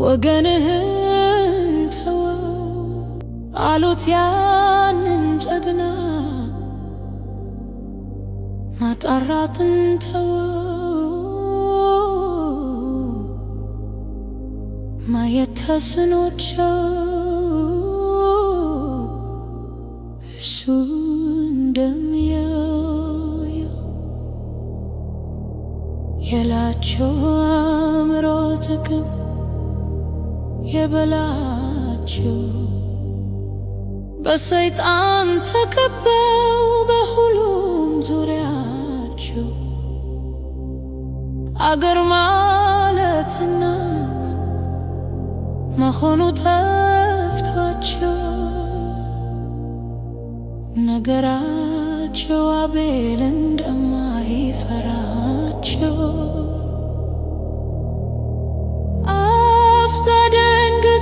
ወገንህን ተወው አሉት ያንን ጀግና ማጣራትን ተወው ማየት ተስኗቸው እሱ እንደሚያዩ የላቸው አእምሮ ጥቅም የበላቸው በሰይጣን ተከበው በሁሉም ዙሪያቸው አገር ማለት እናት መሆኑ ተፍቷቸው ነገራቸው አቤል እንደማይፈራቸው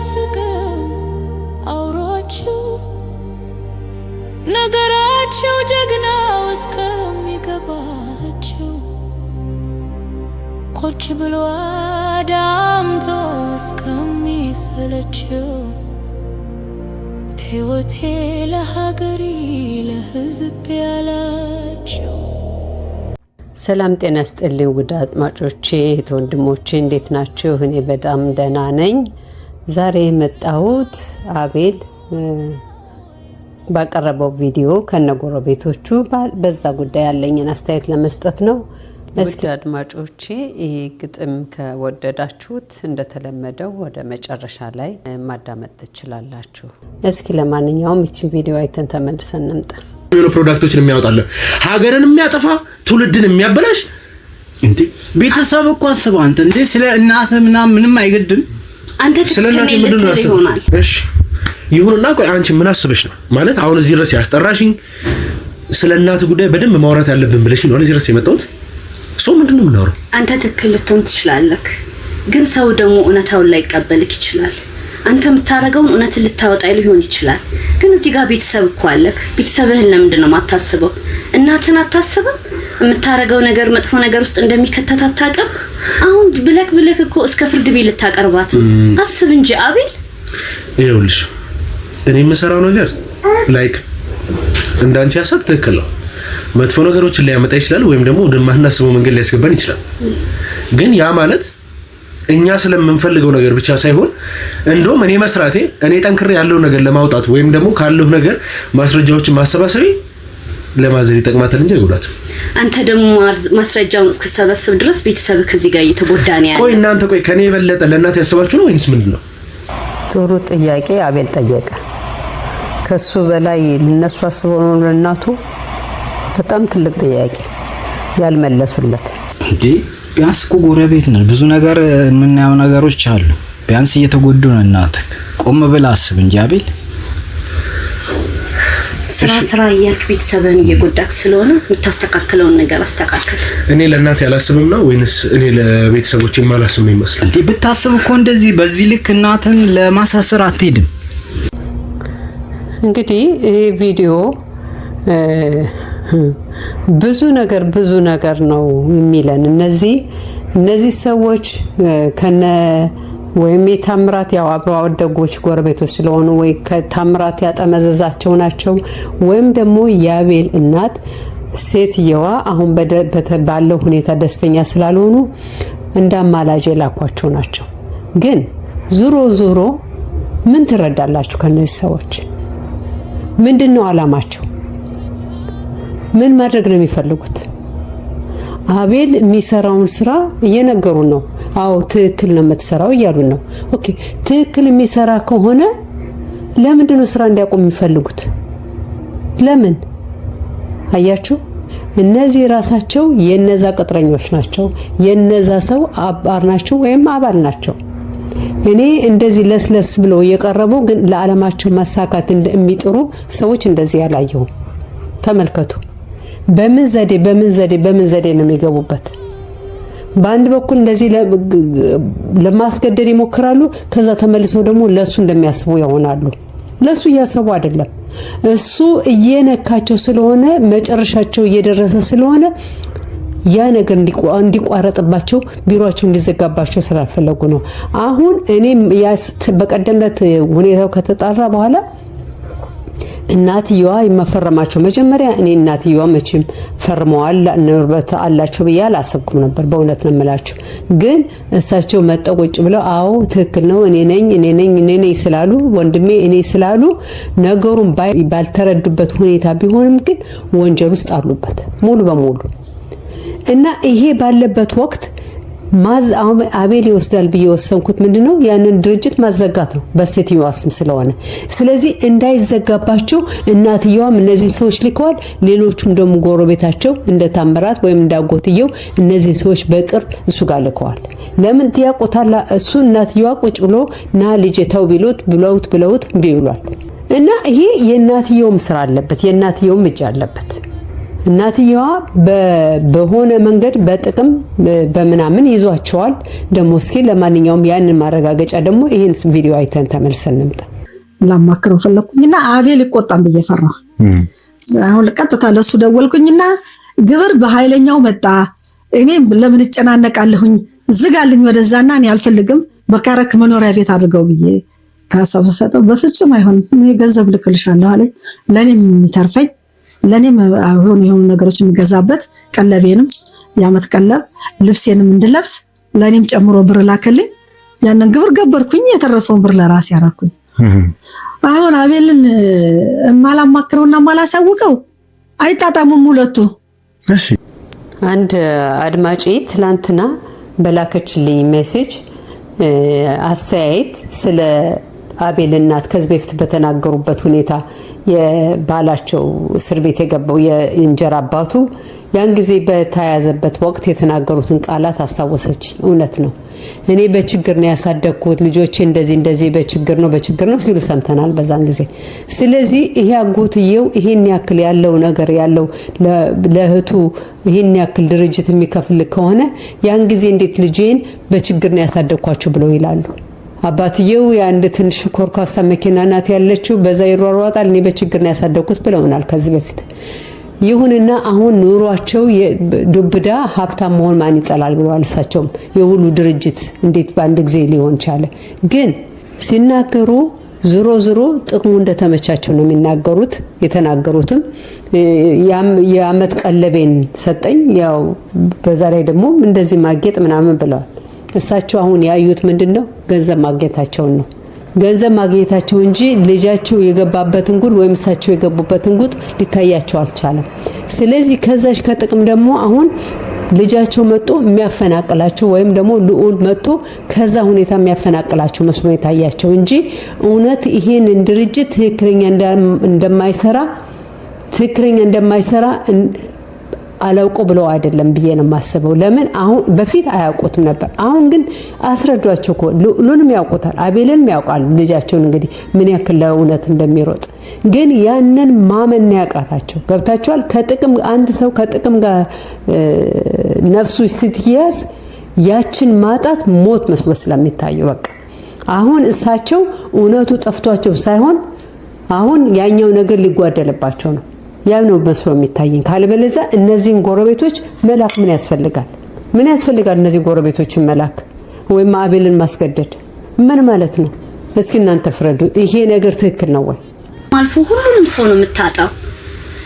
በስተቀር አውሯቸው ነገራችሁ ጀግናው እስከሚገባችሁ ቁጭ ብሎ አዳምጦ እስከሚሰለቸው ሕይወቴ ለሀገሪ ለሕዝብ ያላቸው ሰላም ጤና ስጥልኝ። ውድ አጥማጮቼ እህት ወንድሞቼ እንዴት ናችሁ? እኔ በጣም ደህና ነኝ። ዛሬ የመጣሁት አቤል ባቀረበው ቪዲዮ ቤቶቹ በዛ ጉዳይ ያለኝን አስተያየት ለመስጠት ነው። እስኪ አድማጮቼ ይህ ግጥም ከወደዳችሁት እንደተለመደው ወደ መጨረሻ ላይ ማዳመጥ ትችላላችሁ። እስኪ ለማንኛውም ይችን ቪዲዮ አይተን ተመልሰን እንምጣ። ፕሮዳክቶችን የሚያወጣለ ሀገርን የሚያጠፋ ትውልድን የሚያበላሽ እንዴ! ቤተሰብ እኮ አስበው አንተ እንዴ! ስለ እናትህ ምናምን ምንም አይገድም አንተ ስለናት ምንድን ነው ይሆናል። እሺ ይሁንና፣ ቆይ አንቺ ምን አስበሽ ነው ማለት አሁን እዚህ ድረስ ያስጠራሽኝ? ስለ እናት ጉዳይ በደንብ ማውራት ያለብን ብለሽ ነው እዚህ ድረስ የመጣሁት። ሰው ምንድን ነው የምናወራው? አንተ ትክክል ልትሆን ትችላለህ፣ ግን ሰው ደግሞ እውነታውን ላይቀበልክ ይችላል። አንተ የምታደርገውን እውነት ልታወጣ ሊሆን ይችላል። ግን እዚህ ጋር ቤተሰብ እኮ አለ። ቤተሰብህን ለምንድን ነው የማታስበው? እናትን አታስብም? የምታደርገው ነገር መጥፎ ነገር ውስጥ እንደሚከተት አታውቅም? አሁን ብለክ ብለክ እኮ እስከ ፍርድ ቤት ልታቀርባት አስብ እንጂ አቤል። ይኸውልሽ እኔ የምሰራው ነገር ላይክ እንዳንቺ ያሰብ ትክክል ነው። መጥፎ ነገሮችን ሊያመጣ ይችላል፣ ወይም ደግሞ ወደማናስበው መንገድ ሊያስገባን ይችላል። ግን ያ ማለት እኛ ስለምንፈልገው ነገር ብቻ ሳይሆን እንደውም እኔ መስራቴ እኔ ጠንክሬ ያለው ነገር ለማውጣት ወይም ደግሞ ካለው ነገር ማስረጃዎችን ማሰባሰብ ለማዘን ይጠቅማታል እንጂ አይጎዳትም። አንተ ደግሞ ማስረጃውን እስከሰበስብ ድረስ ቤተሰብ ከዚህ ጋር እየተጎዳ ነው ቆይ እናንተ ቆይ ከኔ የበለጠ ለእናት ያሰባችሁ ነው ወይስ ምንድን ነው? ጥሩ ጥያቄ አቤል ጠየቀ። ከሱ በላይ ልነሱ አስበው ነው ለእናቱ በጣም ትልቅ ጥያቄ ያልመለሱለት እንጂ ቢያንስ እኮ ጎረቤት ነን። ብዙ ነገር የምናየው ነገሮች አሉ። ቢያንስ እየተጎዱ ነው። እናት ቆም ብለህ አስብ እንጂ አቤል። ስራ ስራ እያልክ ቤተሰብህን እየጎዳክ ስለሆነ የምታስተካክለውን ነገር አስተካከል። እኔ ለእናቴ አላስብም ነው ወይንስ እኔ ለቤተሰቦች የማላስብ ነው ይመስላል? እንዴ ብታስብ እኮ እንደዚህ በዚህ ልክ እናትን ለማሳሰር አትሄድም። እንግዲህ ይሄ ቪዲዮ ብዙ ነገር ብዙ ነገር ነው የሚለን እነዚህ እነዚህ ሰዎች ከነ ወይም የታምራት ያው አብረው አወደጎች ጎረቤቶች ስለሆኑ ወይ ከታምራት ያጠመዘዛቸው ናቸው ወይም ደግሞ የአቤል እናት ሴትየዋ አሁን ባለው ሁኔታ ደስተኛ ስላልሆኑ እንደ አማላጅ የላኳቸው ናቸው። ግን ዙሮ ዙሮ ምን ትረዳላችሁ? ከነዚህ ሰዎች ምንድን ነው አላማቸው? ምን ማድረግ ነው የሚፈልጉት? አቤል የሚሰራውን ስራ እየነገሩ ነው። አዎ ትክክል ነው የምትሰራው እያሉን ነው። ኦኬ ትክክል የሚሰራ ከሆነ ለምንድን ነው ስራ እንዲያቆም የሚፈልጉት? ለምን አያችሁ? እነዚህ ራሳቸው የነዛ ቅጥረኞች ናቸው። የነዛ ሰው አባር ናቸው ወይም አባል ናቸው። እኔ እንደዚህ ለስለስ ብለው የቀረቡ ግን ለዓለማቸው ማሳካት የሚጥሩ ሰዎች እንደዚህ ያላየሁም። ተመልከቱ። በምን ዘዴ በምን ዘዴ በምን ዘዴ ነው የሚገቡበት? በአንድ በኩል እንደዚህ ለማስገደድ ይሞክራሉ። ከዛ ተመልሰው ደግሞ ለእሱ እንደሚያስቡ ይሆናሉ። ለእሱ እያሰቡ አይደለም፣ እሱ እየነካቸው ስለሆነ መጨረሻቸው እየደረሰ ስለሆነ ያ ነገር እንዲቋረጥባቸው ቢሮቸው እንዲዘጋባቸው ስላልፈለጉ ነው። አሁን እኔ በቀደምለት ሁኔታው ከተጣራ በኋላ እናትየዋ የመፈረማቸው መጀመሪያ እኔ እናትየዋ መቼም ፈርመዋል ንብረት አላቸው ብዬ አላሰብኩም ነበር። በእውነት ነው የምላቸው። ግን እሳቸው መጠው ቁጭ ብለው አዎ ትክክል ነው እኔ ነኝ እኔ ነኝ እኔ ነኝ ስላሉ ወንድሜ እኔ ስላሉ ነገሩን ባልተረዱበት ሁኔታ ቢሆንም ግን ወንጀል ውስጥ አሉበት ሙሉ በሙሉ እና ይሄ ባለበት ወቅት አቤል ይወስዳል ብዬ የወሰንኩት ምንድን ነው ያንን ድርጅት ማዘጋት ነው በሴትዮዋ ስም ስለሆነ። ስለዚህ እንዳይዘጋባቸው እናትየዋም እነዚህን ሰዎች ልከዋል። ሌሎቹም ደግሞ ጎረቤታቸው እንደ ታምራት ወይም እንዳጎትየው እነዚህ ሰዎች በቅርብ እሱ ጋር ልከዋል። ለምን ያውቁታል። እሱ እናትየዋ ቁጭ ብሎ ና ልጄ ተው ቢሉት ብለውት ብለውት እምቢ እና ይሄ የእናትየውም ስራ አለበት፣ የእናትየውም እጅ አለበት። እናትየዋ በሆነ መንገድ በጥቅም በምናምን ይዟቸዋል። ደግሞ እስኪ ለማንኛውም ያንን ማረጋገጫ ደግሞ ይህን ቪዲዮ አይተን ተመልሰን እንምጣ። ላማክረው ፈለግኩኝና አቤል ይቆጣም ብዬ ፈራ። አሁን ቀጥታ ለሱ ደወልኩኝና ግብር በኃይለኛው መጣ። እኔም ለምን እጨናነቃለሁኝ? ዝጋልኝ ወደዛና እኔ አልፈልግም በካረክ መኖሪያ ቤት አድርገው ብዬ ሀሳብ ሰጠው። በፍጹም አይሆንም፣ ገንዘብ ልክልሻለሁ አለኝ። ለእኔም የሚተርፈኝ ለእኔም ሆኑ የሆኑ ነገሮች የምገዛበት ቀለቤንም የአመት ቀለብ ልብሴንም እንድለብስ ለእኔም ጨምሮ ብር ላከልኝ። ያንን ግብር ገበርኩኝ፣ የተረፈውን ብር ለራሴ ያረኩኝ። አሁን አቤልን የማላማክረውና የማላሳውቀው አይጣጣሙም ሁለቱ። አንድ አድማጭ ትላንትና በላከችልኝ ሜሴጅ አስተያየት ስለ አቤል እናት ከዚህ በፊት በተናገሩበት ሁኔታ የባላቸው እስር ቤት የገባው የእንጀራ አባቱ ያን ጊዜ በተያያዘበት ወቅት የተናገሩትን ቃላት አስታወሰች። እውነት ነው። እኔ በችግር ነው ያሳደግኩት፣ ልጆቼ እንደዚህ እንደዚህ በችግር ነው በችግር ነው ሲሉ ሰምተናል በዛን ጊዜ። ስለዚህ ይሄ አጎትየው ይሄን ያክል ያለው ነገር ያለው ለእህቱ ይሄን ያክል ድርጅት የሚከፍል ከሆነ ያን ጊዜ እንዴት ልጄን በችግር ነው ያሳደግኳቸው ብለው ይላሉ? አባትየው የአንድ ትንሽ ኮርኳሳ መኪና ናት ያለችው፣ በዛ ይሯሯጣል፣ እኔ በችግር ነው ያሳደግኩት ብለውናል ከዚህ በፊት። ይሁንና አሁን ኑሯቸው ዱብዳ ሀብታም መሆን ማን ይጠላል ብለዋል። እሳቸውም የሁሉ ድርጅት እንዴት በአንድ ጊዜ ሊሆን ቻለ? ግን ሲናገሩ ዝሮ ዝሮ ጥቅሙ እንደተመቻቸው ነው የሚናገሩት። የተናገሩትም የአመት ቀለቤን ሰጠኝ፣ ያው በዛ ላይ ደግሞ እንደዚህ ማጌጥ ምናምን ብለዋል። እሳቸው አሁን ያዩት ምንድን ነው? ገንዘብ ማግኘታቸውን ነው። ገንዘብ ማግኘታቸው እንጂ ልጃቸው የገባበትን ጉድ ወይም እሳቸው የገቡበትን ጉድ ሊታያቸው አልቻለም። ስለዚህ ከዛች ከጥቅም ደግሞ አሁን ልጃቸው መጥቶ የሚያፈናቅላቸው ወይም ደግሞ ልዑል መጥቶ ከዛ ሁኔታ የሚያፈናቅላቸው መስሎ የታያቸው እንጂ እውነት ይሄንን ድርጅት ትክክለኛ እንደማይሰራ ትክክለኛ እንደማይሰራ አላውቀው ብለው አይደለም ብዬ ነው የማስበው። ለምን አሁን በፊት አያውቁትም ነበር። አሁን ግን አስረዷቸው እኮ ሉንም ያውቁታል፣ አቤልንም ያውቃሉ። ልጃቸውን እንግዲህ ምን ያክል ለእውነት እንደሚሮጥ ግን ያንን ማመን ያቃታቸው ገብታቸዋል። ከጥቅም አንድ ሰው ከጥቅም ጋር ነፍሱ ስትያዝ ያችን ማጣት ሞት መስሎ ስለሚታየው በቃ አሁን እሳቸው እውነቱ ጠፍቷቸው ሳይሆን አሁን ያኛው ነገር ሊጓደልባቸው ነው። ያም ነው መስሎ የሚታየኝ። ካልበለዛ እነዚህን ጎረቤቶች መላክ ምን ያስፈልጋል? ምን ያስፈልጋል? እነዚህ ጎረቤቶችን መላክ ወይም አቤልን ማስገደድ ምን ማለት ነው? እስኪ እናንተ ፍረዱ። ይሄ ነገር ትክክል ነው ወይ? አልፎ ሁሉንም ሰው ነው የምታጣው።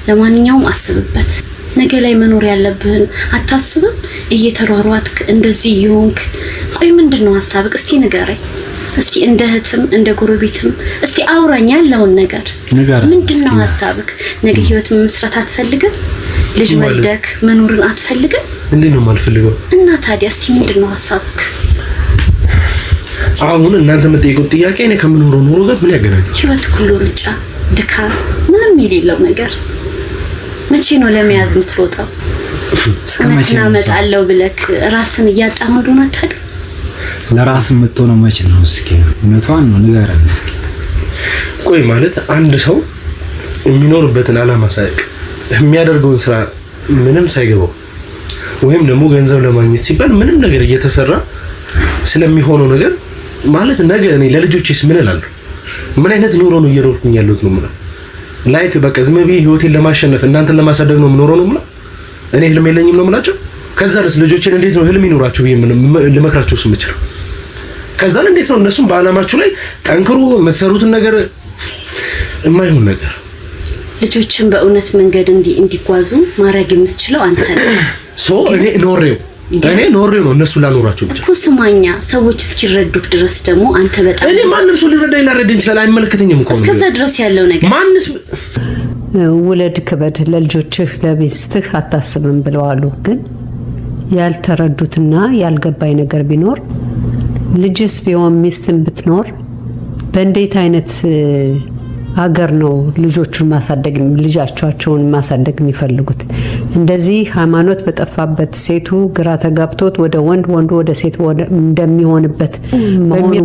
ለማንኛውም አስብበት። ነገ ላይ መኖር ያለብህን አታስብም? እየተሯሯጥክ እንደዚህ ይሆንክ። ቆይ ምንድን ነው ሀሳብክ? እስቲ ንገረኝ። እስቲ እንደ እህትም እንደ ጎረቤትም እስቲ አውራኝ ያለውን ነገር ምንድን ነው ሀሳብክ? ነገ ህይወት መስራት አትፈልግም? ልጅ ወልደክ መኖርን አትፈልግም? እንዴ ነው የማልፈልገው። እና ታዲያ እስቲ ምንድን ነው ሀሳብክ? አሁን እናንተ የምትጠይቁት ጥያቄ እኔ ከምኖረው ኑሮ ጋር ምን ያገናኝ? ህይወት ሁሉ ሩጫ፣ ድካም፣ ምንም የሌለው ነገር። መቼ ነው ለመያዝ የምትሮጠው? ነው እናመጣለው ብለክ ራስን እያጣህ እንደሆነ አታውቅም? ለራስ የምትሆነው መቼ ነው? እስኪ እውነቷን ነው ንገረን እስኪ። ቆይ ማለት አንድ ሰው የሚኖርበትን አላማ ሳያውቅ የሚያደርገውን ስራ ምንም ሳይገባው ወይም ደግሞ ገንዘብ ለማግኘት ሲባል ምንም ነገር እየተሰራ ስለሚሆነው ነገር ማለት ነገ እኔ ለልጆቼስ ምን እላለሁ? ምን አይነት ኑሮ ነው እየኖርኩኝ ያለሁት ነው የምለው። ላይፍ በቃ ዝም ብዬ ህይወቴን ለማሸነፍ እናንተን ለማሳደግ ነው የምኖረው ነው የምለው። እኔ ህልም የለኝም ነው ምላቸው ከዛ ልጆችን እንዴት ነው ህልም ይኖራቸው ብዬ ልመክራቸው ስምችለው ከዛን እንዴት ነው እነሱም በዓላማችሁ ላይ ጠንክሩ። የምትሰሩትን ነገር የማይሆን ነገር ልጆችን በእውነት መንገድ እንዲጓዙ ማድረግ የምትችለው አንተ ነው። ሶ እኔ ኖሬው እኔ ኖሬው ነው እነሱ ላኖራቸው ብቻ እኮ ስማኛ፣ ሰዎች እስኪረዱህ ድረስ ደግሞ አንተ በጣም እኔ ማንም ሰው ሊረዳ ይላረድ እንችላል አይመለከተኝም እኮ እስከዛ ድረስ ያለው ነገር ማንስ ውለድ ክበድ፣ ለልጆችህ ለቤስትህ አታስብም ብለዋሉ ግን ያልተረዱትና ያልገባኝ ነገር ቢኖር ልጅስ ቢሆን ሚስትም ብትኖር በእንዴት አይነት አገር ነው ልጆቹን ማሳደግ ልጃቸውን ማሳደግ የሚፈልጉት? እንደዚህ ሃይማኖት በጠፋበት ሴቱ ግራ ተጋብቶት ወደ ወንድ ወንዱ ወደ ሴት እንደሚሆንበት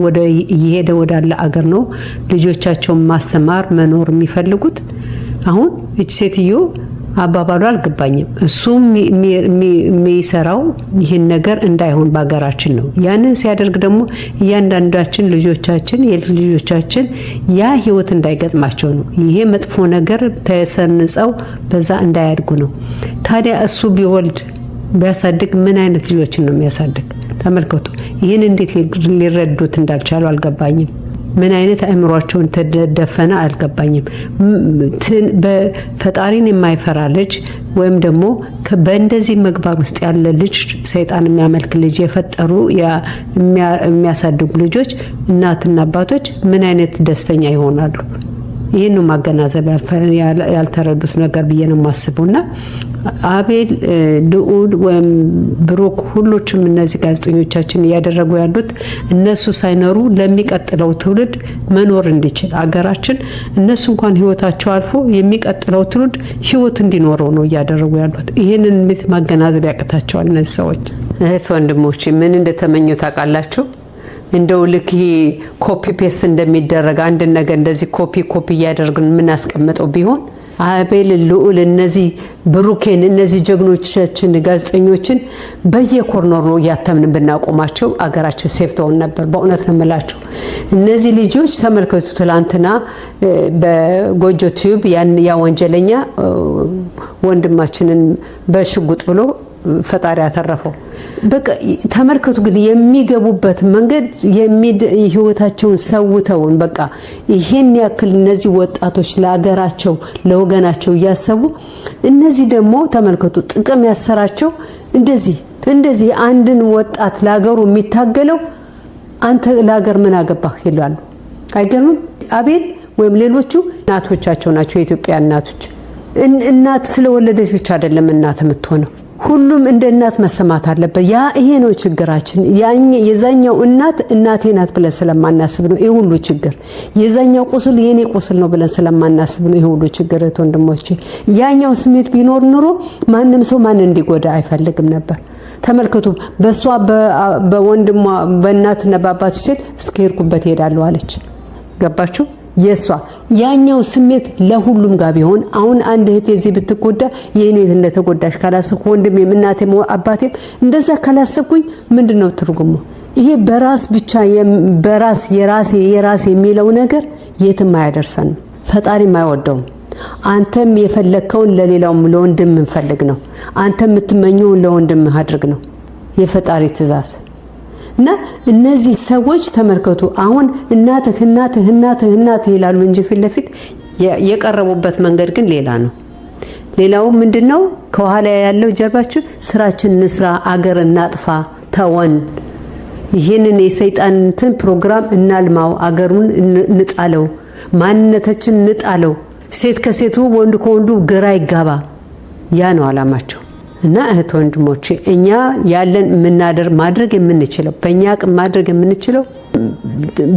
ወደ እየሄደ ወዳለ አገር ነው ልጆቻቸውን ማስተማር መኖር የሚፈልጉት። አሁን እች ሴትዮ አባባሉ አልገባኝም። እሱም የሚሰራው ይህን ነገር እንዳይሆን በሀገራችን ነው። ያንን ሲያደርግ ደግሞ እያንዳንዳችን ልጆቻችን የልጅ ልጆቻችን ያ ህይወት እንዳይገጥማቸው ነው። ይሄ መጥፎ ነገር ተሰንጸው በዛ እንዳያድጉ ነው። ታዲያ እሱ ቢወልድ ቢያሳድግ ምን አይነት ልጆችን ነው የሚያሳድግ? ተመልከቱ። ይህን እንዴት ሊረዱት እንዳልቻሉ አልገባኝም። ምን አይነት አእምሯቸውን ተደፈነ አልገባኝም። ፈጣሪን የማይፈራ ልጅ ወይም ደግሞ በእንደዚህ መግባር ውስጥ ያለ ልጅ ሰይጣን የሚያመልክ ልጅ የፈጠሩ የሚያሳድጉ ልጆች እናትና አባቶች ምን አይነት ደስተኛ ይሆናሉ? ይህን ነው ማገናዘብ ያልተረዱት ነገር ብዬ ነው የማስበው። እና አቤል ልዑል ወይም ብሩክ ሁሎችም እነዚህ ጋዜጠኞቻችን እያደረጉ ያሉት እነሱ ሳይኖሩ ለሚቀጥለው ትውልድ መኖር እንዲችል አገራችን እነሱ እንኳን ህይወታቸው አልፎ የሚቀጥለው ትውልድ ህይወት እንዲኖረው ነው እያደረጉ ያሉት። ይህንን ማገናዘብ ያቅታቸዋል እነዚህ ሰዎች። እህት ወንድሞች ምን እንደተመኘው ታውቃላችሁ? እንደው ልክ ይሄ ኮፒ ፔስት እንደሚደረግ አንድን ነገር እንደዚህ ኮፒ ኮፒ እያደረግን የምናስቀምጠው ቢሆን አቤል ልዑል፣ እነዚህ ብሩኬን፣ እነዚህ ጀግኖቻችን ጋዜጠኞችን በየኮርነሩ ነው እያተምን ብናቆማቸው አገራችን ሴፍ ትሆን ነበር። በእውነት ነው የምላቸው። እነዚህ ልጆች ተመልከቱ፣ ትላንትና በጎጆ ቲዩብ ያ ወንጀለኛ ወንድማችንን በሽጉጥ ብሎ ፈጣሪ ያተረፈው። በቃ ተመልከቱ ግን የሚገቡበት መንገድ ህይወታቸውን ሰውተውን በቃ ይሄን ያክል እነዚህ ወጣቶች ለሀገራቸው ለወገናቸው እያሰቡ እነዚህ ደግሞ ተመልከቱ ጥቅም ያሰራቸው እንደዚህ እንደዚህ አንድን ወጣት ለሀገሩ የሚታገለው አንተ ለሀገር ምን አገባህ ይላሉ። አይገርምም? አቤል ወይም ሌሎቹ እናቶቻቸው ናቸው የኢትዮጵያ እናቶች። እናት ስለወለደች ብቻ አይደለም እናት የምትሆነው። ሁሉም እንደ እናት መሰማት አለበት። ያ ይሄ ነው ችግራችን። የዛኛው እናት እናቴ ናት ብለን ስለማናስብ ነው ይህ ሁሉ ችግር። የዛኛው ቁስል የኔ ቁስል ነው ብለን ስለማናስብ ነው ይህ ሁሉ ችግር። እህት ወንድሞቼ፣ ያኛው ስሜት ቢኖር ኑሮ ማንም ሰው ማን እንዲጎዳ አይፈልግም ነበር። ተመልከቱ፣ በእሷ በወንድሟ በእናትና በአባት ሲል እስከ ሄዳለሁ አለች። ገባችሁ የእሷ ያኛው ስሜት ለሁሉም ጋር ቢሆን አሁን አንድ እህት የዚህ ብትጎዳ እህት እንደተጎዳሽ ካላሰብኩ ወንድሜም እናቴም አባቴም እንደዛ ካላሰብኩኝ ምንድን ነው ትርጉሙ? ይሄ በራስ ብቻ በራስ የራሴ የራሴ የሚለው ነገር የትም አያደርሰንም፣ ፈጣሪም አይወደውም። አንተም የፈለግከውን ለሌላውም ለወንድም እንፈልግ ነው። አንተም የምትመኘውን ለወንድም አድርግ ነው የፈጣሪ ትእዛዝ። እና እነዚህ ሰዎች ተመልከቱ፣ አሁን እናትህ እናትህ እናትህ እናትህ ይላሉ እንጂ ፊት ለፊት የቀረቡበት መንገድ ግን ሌላ ነው። ሌላው ምንድነው ከኋላ ያለው ጀርባችን ስራችን እንስራ፣ አገር እናጥፋ፣ ተወን፣ ይህንን የሰይጣንትን ፕሮግራም እናልማው፣ አገሩን እንጣለው፣ ማንነታችን እንጣለው፣ ሴት ከሴቱ ወንድ ከወንዱ ግራ ይጋባ። ያ ነው አላማቸው። እና እህት ወንድሞች እኛ ያለን የምናደር ማድረግ የምንችለው በእኛ አቅም ማድረግ የምንችለው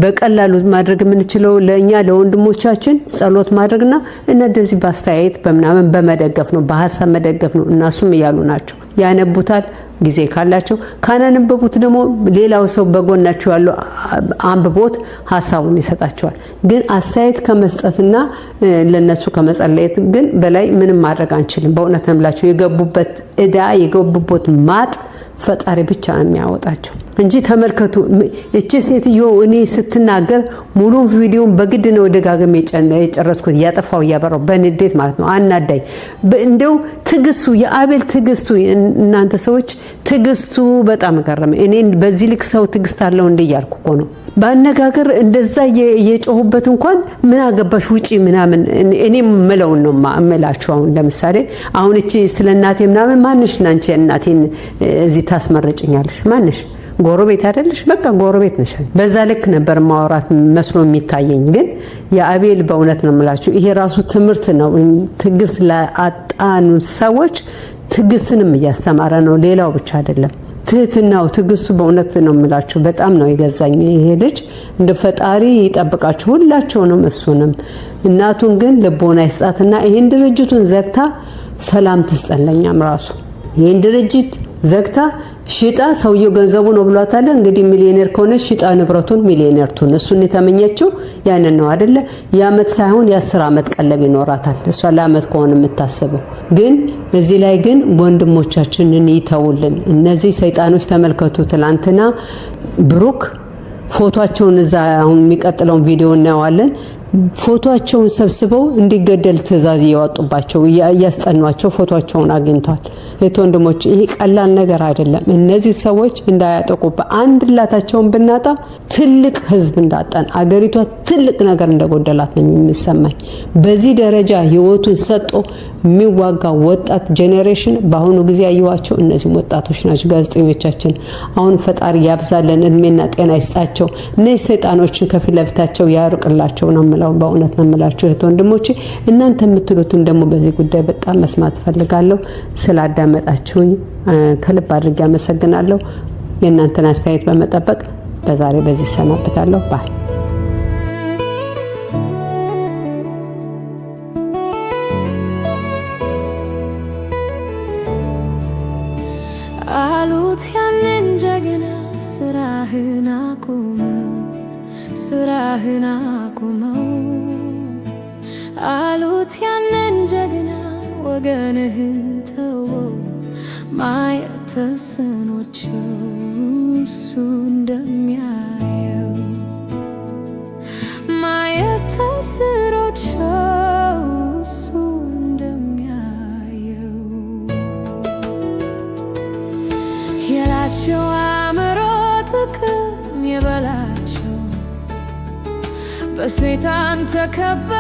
በቀላሉ ማድረግ የምንችለው ለእኛ ለወንድሞቻችን ጸሎት ማድረግና እነደዚህ በአስተያየት በምናምን በመደገፍ ነው፣ በሀሳብ መደገፍ ነው። እናሱም እያሉ ናቸው ያነቡታል። ጊዜ ካላቸው ካላነበቡት ደግሞ ሌላው ሰው በጎናቸው ያለው አንብቦት ሀሳቡን ይሰጣቸዋል። ግን አስተያየት ከመስጠትና ለነሱ ከመጸለየት ግን በላይ ምንም ማድረግ አንችልም። በእውነት ነው የገቡበት እዳ የገቡበት ማጥ ፈጣሪ ብቻ ነው የሚያወጣቸው እንጂ ተመልከቱ። እቺ ሴትዮ እኔ ስትናገር ሙሉን ቪዲዮን በግድ ነው ደጋግሜ የጨረስኩት፣ እያጠፋው እያበራው በንዴት ማለት ነው። አናዳኝ እንደው ትግስቱ፣ የአቤል ትግስቱ፣ እናንተ ሰዎች ትግስቱ በጣም ገረመ። እኔ በዚህ ልክ ሰው ትግስት አለው እንደ እያልኩ እኮ ነው። በአነጋገር እንደዛ የጮሁበት እንኳን ምን አገባሽ ውጪ ምናምን እኔ ምለውን ነው ምላችሁ። አሁን ለምሳሌ አሁን እቺ ስለ እናቴ ምናምን ማንሽ ናንቺ እናቴን እዚህ ታስመርጭኛለሽ? ማንሽ? ጎረቤት አይደለሽ? በቃ ጎረቤት ነሽ። በዛ ልክ ነበር ማውራት መስሎ የሚታየኝ። ግን የአቤል በእውነት ነው የምላችሁ፣ ይሄ ራሱ ትምህርት ነው። ትዕግስት ለአጣኑ ሰዎች ትዕግስትንም እያስተማረ ነው። ሌላው ብቻ አይደለም ትህትናው፣ ትዕግስቱ በእውነት ነው የምላችሁ፣ በጣም ነው የገዛኝ ይሄ ልጅ። እንደ ፈጣሪ ይጠብቃችሁ ሁላቸውንም፣ እሱንም እናቱን ግን ልቦና ይስጣትና ይህን ድርጅቱን ዘግታ ሰላም ትስጠለኛም ራሱ ይህን ድርጅት ዘግታ ሽጣ ሰውየው ገንዘቡ ነው ብሏታል። እንግዲህ ሚሊዮኔር ከሆነ ሽጣ ንብረቱን ሚሊዮኔርቱን እሱን የተመኘችው ያንን ነው አደለ? የአመት ሳይሆን የአስር አመት ቀለብ ይኖራታል እሷ ለአመት ከሆነ የምታስበው ግን። እዚህ ላይ ግን ወንድሞቻችንን ይተውልን። እነዚህ ሰይጣኖች ተመልከቱ። ትላንትና ብሩክ ፎቶቸውን እዛ አሁን የሚቀጥለውን ቪዲዮ እናየዋለን። ፎቶቸውን ሰብስበው እንዲገደል ትዕዛዝ እያወጡባቸው እያስጠኗቸው ፎቶቸውን አግኝቷል። እህት ወንድሞች፣ ይሄ ቀላል ነገር አይደለም። እነዚህ ሰዎች እንዳያጠቁ በአንድ ላታቸውን ብናጣ ትልቅ ህዝብ እንዳጣን፣ አገሪቷ ትልቅ ነገር እንደጎደላት ነው የሚሰማኝ። በዚህ ደረጃ ህይወቱን ሰጦ የሚዋጋ ወጣት ጄኔሬሽን በአሁኑ ጊዜ ያየኋቸው እነዚህ ወጣቶች ናቸው። ጋዜጠኞቻችን አሁን ፈጣሪ ያብዛለን፣ እድሜና ጤና ይስጣቸው። እነዚህ ሰይጣኖችን ከፊት ለፊታቸው ያርቅላቸው ነው። የምለው በእውነት ነው የምላችሁ እህት ወንድሞቼ፣ እናንተ የምትሉትን ደግሞ በዚህ ጉዳይ በጣም መስማት ፈልጋለሁ። ስላዳመጣችሁኝ ከልብ አድርጌ አመሰግናለሁ። የእናንተን አስተያየት በመጠበቅ በዛሬ በዚህ እሰናበታለሁ። ባይ አሉት ያንን ጀግና ስራህን አቁመው ስራህን አቁመው አሉት ያንን ጀግና ወገንህን ተወው ማየት ተስኖቸው እሱ እንደሚያየው ማየት ተስኖቸው እሱ እንደሚያየው የላቸው አእምሮ ጥቅም የበላቸው በሰይጣን ተከበ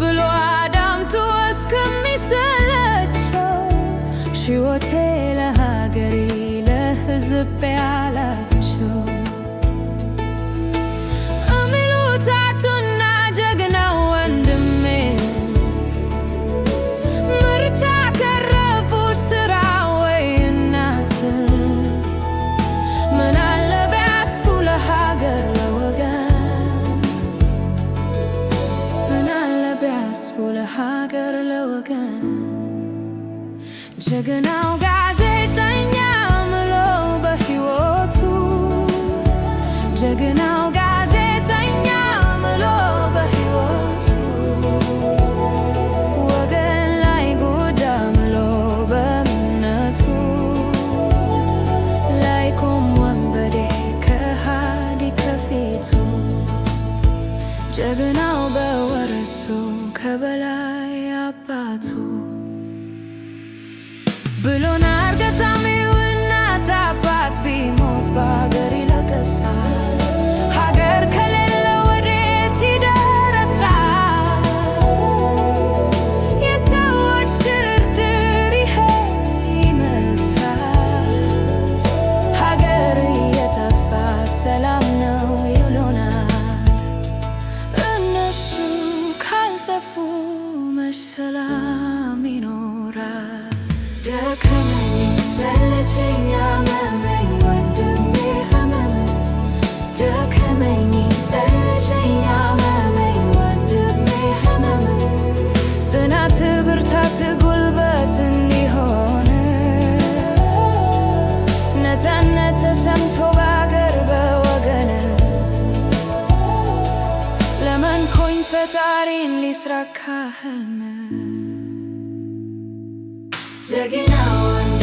ብሎ አዳምቶ እስከሚሰለቸው ሽወቴ ለሀገሬ ለሕዝብ ያላት chega na Algazeta em Endlich rakar med Saginawan